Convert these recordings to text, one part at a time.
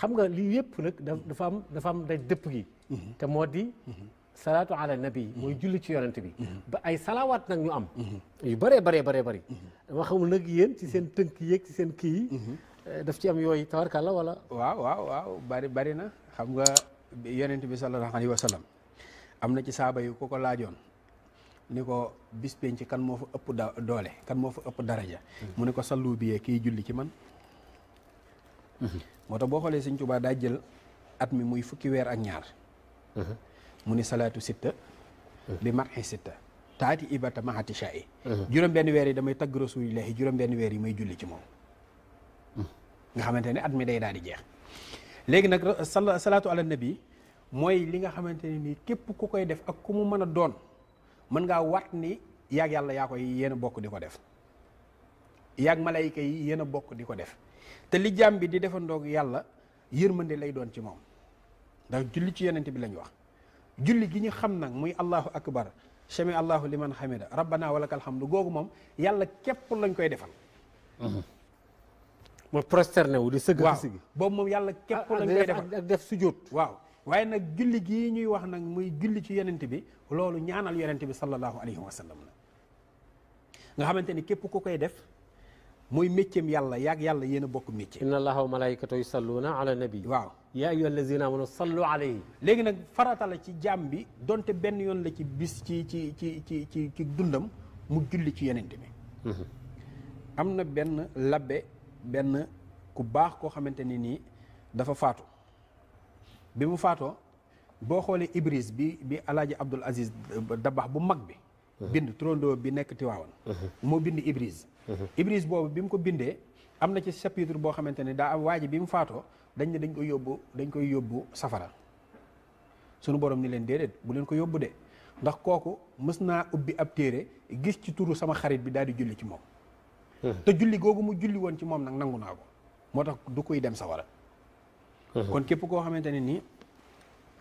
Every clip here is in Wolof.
xam nga lii yëpp nag dafa am dafa am day dëpp gi. Mhm. te moo di. salaatu ala nabi mhm. mooy julli ci yonent bi. Mhm. ba ay salawaat nag ñu am. yu bëree bëree bëree bari dama xamul nag yéen ci seen tënk yeeg seen kii yi. Eh, daf ci am yooyu tawarkalla wala. waaw bari bari na xam nga yonent bi sallallahu alayhi wa sallam am na ci saaba yu ko ko laajoon ni ko bis penc kan moo fa ëpp doole kan moo fa ëpp daraja. mu ne ko sallu bi kii julli ci man. moo tax boo xoolee sëñ Tuubaa daa jël at mi muy fukki weer ak ñaar mu ni salaatu sitta bi marxi sitta taati ibata mahati sha juróom benn weer yi damay tagg rasulillahi juróom benn weer yi may julli ci moom nga xamante ni at mi day daal di jeex léegi nag salaatu ala nabi mooy li nga xamante ne nii képp ku koy def ak ku mu mën a doon mën ngaa wat ni yaag yàlla yaa koy yéen a bokk di ko def yaag malayka yi yéen a bokk di ko def te li jaam bi di defandoog yàlla yërmande lay doon ci moom ndax julli ci yonent bi lañ wax julli gi ñu xam nag muy allahu akbar sami allahu liman hamida rabbana walakal hamdu googu moom yàlla képp lañ koy defal mooy prosterné wu di sëgg waaw boobu moom yàlla képp lañ koy defal ah, ak waaw waaye nag julli gii ñuy wax nag muy julli ci yonent bi loolu ñaanal yonent bi sallallahu alayhi wa sallam nga xamante ni képp ku koy def mooy métiem yàlla yaag yàlla yéen a bokk métier inna allaha katooy malaikatahu na ala nabi waaw yaa ayyuha allazina amanu sallu alayhi léegi nag farata la ci jaam bi donte benn yoon la ci bis ci ci ci ci ci ci dundam mu julli ci yenente bi mhm. am na benn labbe benn ku baax koo xamante ni nii dafa faatu bi mu faatoo boo xoolee Ibris bi bi alaaji Abdul Aziz Dabax bu mag bi mhm. bind trondoo bi nekk Tiwaawan mhm. moo bind Ibris Ibris boobu bi mu ko bindee am na ci chapitre boo xamante ne daa am waa ji bi mu faatoo dañ ne dañ koy yóbbu dañ koy yóbbu safara sunu borom ni leen déedéet bu leen ko yóbbu de ndax kooku mës naa ubbi ab téere gis ci turu sama xarit bi daal di julli ci moom. Hmm. te julli googu mu julli woon ci moom nag nangu naa ko moo tax du koy dem sawara hmm. kon képp koo xamante ne nii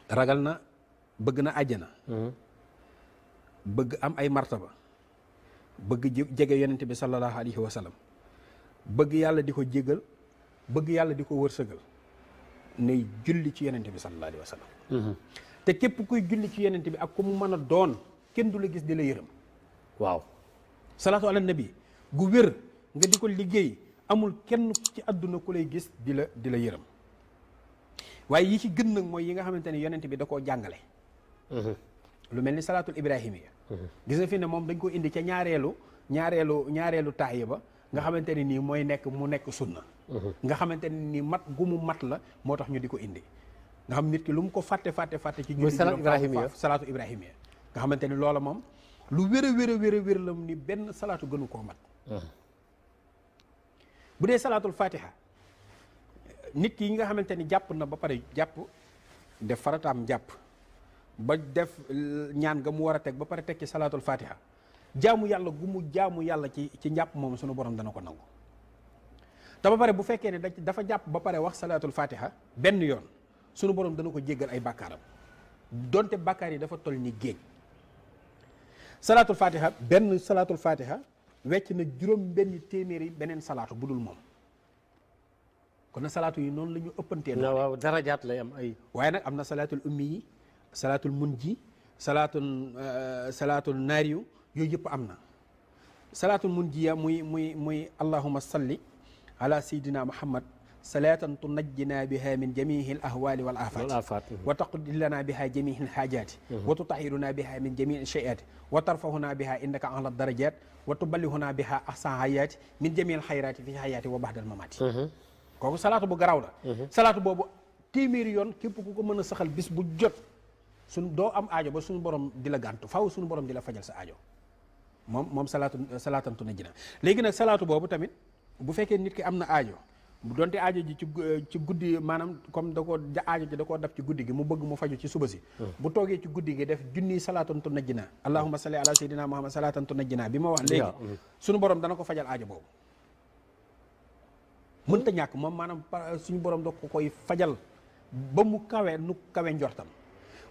ragal na bëgg na àjjana. Hmm. bëgg am ay martaba. bëgg jege yonent bi sallallahu alayhi wa sallam bëgg yàlla di ko jégal bëgg yàlla di ko wërsëgal nay julli ci yonent bi sallallahu alayhi wa mhm. te képp kuy julli ci yonent bi ak ku mu mën a doon kenn du la gis di la yërëm waaw salaatu ala gu wér nga di ko liggéey amul kenn ci àdduna ku lay gis di la di la yërëm waaye yi ci gën nag mooy yi nga xamante ne yonent bi da koo jàngale mhm. lu mel ni salaatul ibrahimiya gis nga fi ne moom dañ ko indi ca ñaareelu ñaareelu ñaareelu taay ba nga xamante ne nii mooy nekk mu nekk sunna mhm. nga xamante ni nii mat gu mu mat la moo tax ñu di ko indi nga xam nit ki lu mu ko fàtte fàtte fàtte ci ñu julli salaatu ibrahimiya nga xamante ni loola moom lu wér a wér a wér wér la mu ni benn salaatu gënu koo mat mhm. bu dee salaatul fatiha nit ki yi nga xamante ni jàpp na ba pare jàpp def farataam jàpp ba def ñaan nga mu war a teg ba pare teg ci salaatul fatiha jaamu yàlla gu mu jaamu yàlla ci ci njàpp moom sunu borom dana ko nangu te ba pare bu fekkee ne dafa jàpp ba pare wax salaatul fatiha benn yoon sunu borom dana ko jéggal ay bàkkaaram donte bàkkaar yi dafa toll ni géej salaatul fatiha benn salaatul fatiha wecc na juróom benn téeméeri beneen salaatu bu dul moom kon na salaatu yi noonu la ñu ëppantee. waaw jaat lay am ay. waaye nag am na salaatul ummi salaatul munji salaatul euh, salaatul naariyu yooyu yëpp am na salaatul munjiya muy muy muy allahuma salli ala sayidina muhammad salaatan tunajjinaa biha min jamihi al ahwali wal afat mhm. wa taqdi lana biha jamihi al hajati mhm. wa tutahiruna biha min jamihi al shayati wa tarfahuna biha indaka ala darajat wa tuballighuna biha ahsan hayati min jamihi al khayrati fi hayati wa ba'da al mamati mhm. kooku salaatu bu garaaw la salaatu boobu téeméeri yoon képp ku ko mën a saxal bis bu jot suñ doo am aajo ba suñu borom di la gàntu faw suñu borom di la fajal sa aajo moom moom salaatu salaatantu na jina léegi nag salaatu boobu tamit bu fekkee nit ki am na aajo donte aajo ji ci ci guddi maanaam comme da koo aajo ji da koo ci guddi gi mu bëgg mu faju ci suba si hmm. bu toogee ci guddi gi def junniy salaatantu na jina allahumma salli ala sayyidina muhammad salaatantu na jina bi ma wax léegi hmm. suñu borom dana ko fajal aajo boobu mënta ñàkk moom maanaam suñu borom da ko koy fajal ba mu kawe nu kawe njortam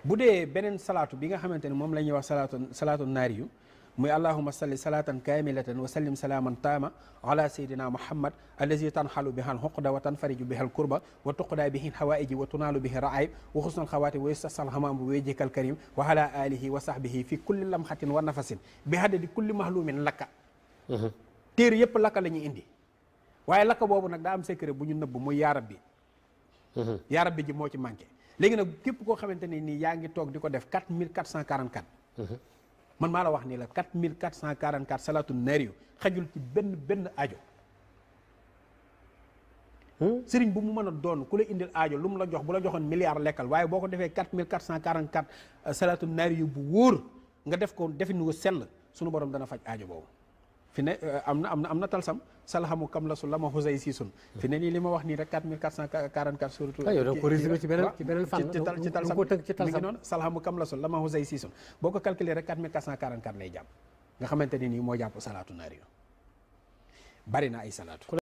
bu dee beneen salaatu bi nga xamante ne moom la ñuy wax salaatu salaatu naari yu muy allahuma salli salaatan kaamilatan wa sallim salaaman taama ala sayidina muhammad allazi tanxalu bihal xoqda wa tanfariju bihal kurba wa tuqdaa bihi xawaaiji wa tunaalu bihi raayib wa xusnal xawaati wa yustasal xamaam bi wejjikal karim wa ala alihi wa sahbihi fi kulli lamxatin wa nafasin bi hadadi kulli mahlumin lakka mhm. téer yëpp lakka la ñuy indi waaye lakka boobu nag daa am secret bu ñu nëbb muy yaarab bi mhm. yaarab bi ji moo ci manqué léegi nag képp koo xamante ne nii yaa ngi toog di ko def 4444. man maa la wax nii la 4444 salatu naari yu xajul ci benn benn aajo. sëriñ bu mu mën a doon ku la indil aajo lu mu la jox bu la joxoon milliard lekkal waaye boo ko defee 4444 salatu naari yu bu wóor nga def ko definu sell sunu borom dana faj aajo boobu. fi ne eh, am na talsam salhamu kam la su la xusay sii sun fi nii li ma wax nii rek 4444 surtout ah, ci talsam mi salhamu kam la su la xusay sii sun boo ko calculer rek 4444 lay jàpp nga xamante nii moo jàpp salaatu naari bari na ay salaatu